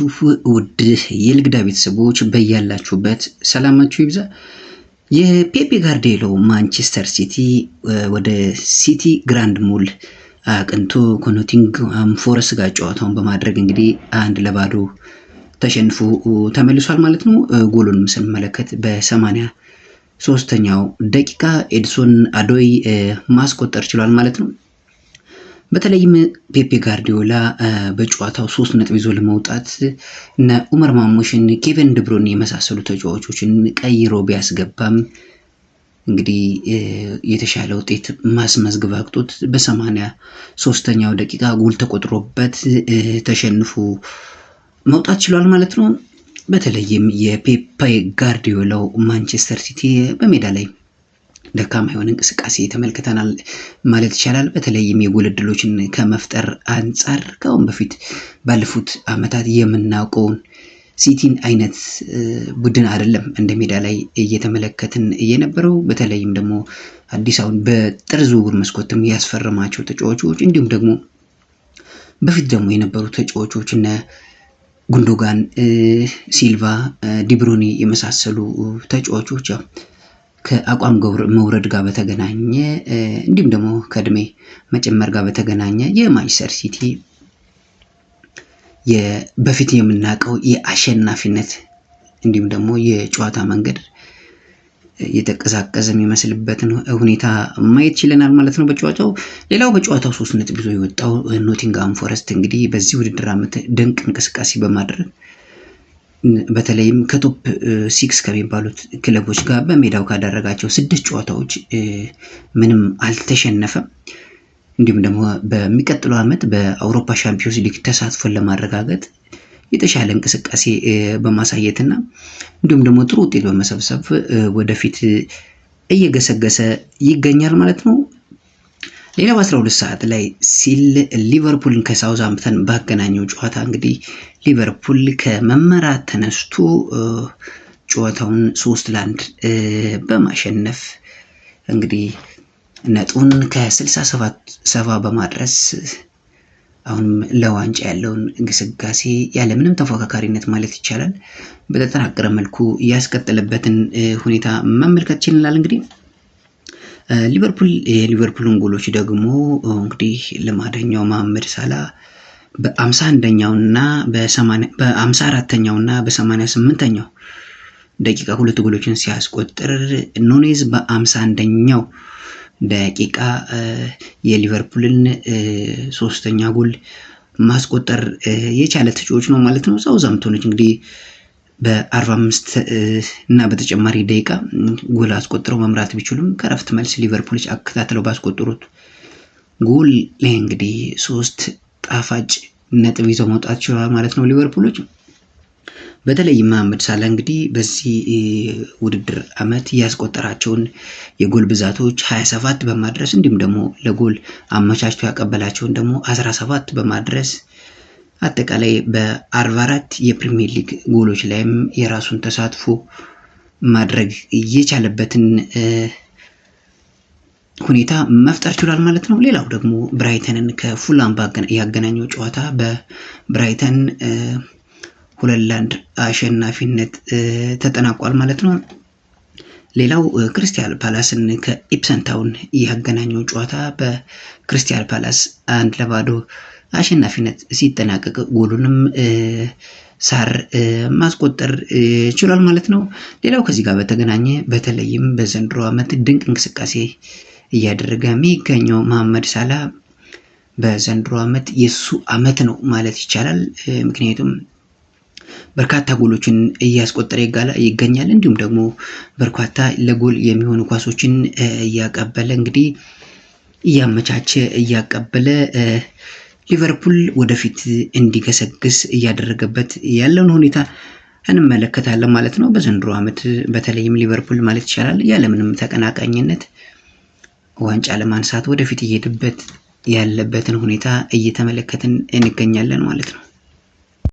ናችሁ ውድ የልግዳ ቤተሰቦች በያላችሁበት ሰላማችሁ ይብዛ። የፔፔ ጋርዲዮላ ማንቸስተር ሲቲ ወደ ሲቲ ግራንድ ሞል አቅንቶ ከኖቲንግሃም ፎረስ ጋር ጨዋታውን በማድረግ እንግዲህ አንድ ለባዶ ተሸንፎ ተመልሷል ማለት ነው። ጎሉንም ስንመለከት በሰማንያ ሶስተኛው ደቂቃ ኤድሶን አዶይ ማስቆጠር ችሏል ማለት ነው። በተለይም ፔፔ ጋርዲዮላ በጨዋታው ሶስት ነጥብ ይዞ ለመውጣት እነ ኡመር ማሞሽን፣ ኬቨን ድብሮን የመሳሰሉ ተጫዋቾችን ቀይሮ ቢያስገባም እንግዲህ የተሻለ ውጤት ማስመዝግብ አቅቶት በሰማንያ ሶስተኛው ደቂቃ ጎል ተቆጥሮበት ተሸንፎ መውጣት ችሏል ማለት ነው። በተለይም የፔፔ ጋርዲዮላው ማንቸስተር ሲቲ በሜዳ ላይ ደካማ የሆነ እንቅስቃሴ ተመልክተናል ማለት ይቻላል። በተለይም የጎል ከመፍጠር አንጻር ከአሁን በፊት ባለፉት ዓመታት የምናውቀውን ሲቲን አይነት ቡድን አይደለም እንደ ሜዳ ላይ እየተመለከትን የነበረው። በተለይም ደግሞ አዲስ አሁን በጥር ዝውውር መስኮትም ያስፈረማቸው ተጫዋቾች እንዲሁም ደግሞ በፊት ደግሞ የነበሩ ተጫዋቾች እነ ጉንዶጋን፣ ሲልቫ፣ ዲብሮኒ የመሳሰሉ ተጫዋቾች ያው ከአቋም መውረድ ጋር በተገናኘ እንዲሁም ደግሞ ከእድሜ መጨመር ጋር በተገናኘ የማንቸስተር ሲቲ በፊት የምናውቀው የአሸናፊነት እንዲሁም ደግሞ የጨዋታ መንገድ የተቀዛቀዘ የሚመስልበትን ሁኔታ ማየት ችለናል ማለት ነው በጨዋታው። ሌላው በጨዋታው ሶስት ነጥብ ይዞ የወጣው ኖቲንግሃም ፎረስት እንግዲህ በዚህ ውድድር ዓመት ድንቅ እንቅስቃሴ በማድረግ በተለይም ከቶፕ ሲክስ ከሚባሉት ክለቦች ጋር በሜዳው ካደረጋቸው ስድስት ጨዋታዎች ምንም አልተሸነፈም። እንዲሁም ደግሞ በሚቀጥለው ዓመት በአውሮፓ ሻምፒዮንስ ሊግ ተሳትፎን ለማረጋገጥ የተሻለ እንቅስቃሴ በማሳየትና እንዲሁም ደግሞ ጥሩ ውጤት በመሰብሰብ ወደፊት እየገሰገሰ ይገኛል ማለት ነው። ሌላ 12 ሰዓት ላይ ሲል ሊቨርፑልን ከሳውዝሃምፕተን ባገናኘው ጨዋታ እንግዲህ ሊቨርፑል ከመመራት ተነስቶ ጨዋታውን ሶስት ለአንድ በማሸነፍ እንግዲህ ነጡን ከ67 በማድረስ አሁንም ለዋንጫ ያለውን ግስጋሴ ያለምንም ተፎካካሪነት ማለት ይቻላል በተጠናቀረ መልኩ ያስቀጠለበትን ሁኔታ መመልከት ችለናል እንግዲህ ሊቨርፑል የሊቨርፑልን ጎሎች ደግሞ እንግዲህ ልማደኛው መሐመድ ሳላ በአምሳ አራተኛው በአምሳ አራተኛውና በሰማንያ ስምንተኛው ደቂቃ ሁለት ጎሎችን ሲያስቆጥር ኑኔዝ በአምሳ አንደኛው ደቂቃ የሊቨርፑልን ሶስተኛ ጎል ማስቆጠር የቻለ ተጫዋች ነው ማለት ነው። ሳውዛምፕቶኖች እንግዲህ በ45 እና በተጨማሪ ደቂቃ ጎል አስቆጥረው መምራት ቢችሉም ከረፍት መልስ ሊቨርፑሎች አከታትለው ባስቆጠሩት ጎል ላይ እንግዲህ ሶስት ጣፋጭ ነጥብ ይዘው መውጣት ችሏል ማለት ነው ሊቨርፑሎች። በተለይ መሐመድ ሳላ እንግዲህ በዚህ ውድድር ዓመት ያስቆጠራቸውን የጎል ብዛቶች 27 በማድረስ እንዲሁም ደግሞ ለጎል አመቻችቶ ያቀበላቸውን ደግሞ 17 በማድረስ አጠቃላይ በ44 የፕሪሚየር ሊግ ጎሎች ላይም የራሱን ተሳትፎ ማድረግ እየቻለበትን ሁኔታ መፍጠር ችሏል ማለት ነው። ሌላው ደግሞ ብራይተንን ከፉላም ያገናኘው ጨዋታ በብራይተን ሁለት ለአንድ አሸናፊነት ተጠናቋል ማለት ነው። ሌላው ክሪስታል ፓላስን ከኢፕሰንታውን ያገናኘው ጨዋታ በክሪስታል ፓላስ አንድ ለባዶ አሸናፊነት ሲጠናቀቅ ጎሉንም ሳር ማስቆጠር ችሏል ማለት ነው። ሌላው ከዚህ ጋር በተገናኘ በተለይም በዘንድሮ ዓመት ድንቅ እንቅስቃሴ እያደረገ የሚገኘው መሐመድ ሳላ በዘንድሮ ዓመት የሱ ዓመት ነው ማለት ይቻላል። ምክንያቱም በርካታ ጎሎችን እያስቆጠረ ይገኛል። እንዲሁም ደግሞ በርካታ ለጎል የሚሆኑ ኳሶችን እያቀበለ እንግዲህ እያመቻቸ እያቀበለ ሊቨርፑል ወደፊት እንዲገሰግስ እያደረገበት ያለውን ሁኔታ እንመለከታለን ማለት ነው። በዘንድሮ ዓመት በተለይም ሊቨርፑል ማለት ይቻላል ያለምንም ተቀናቃኝነት ዋንጫ ለማንሳት ወደፊት እየሄድበት ያለበትን ሁኔታ እየተመለከትን እንገኛለን ማለት ነው።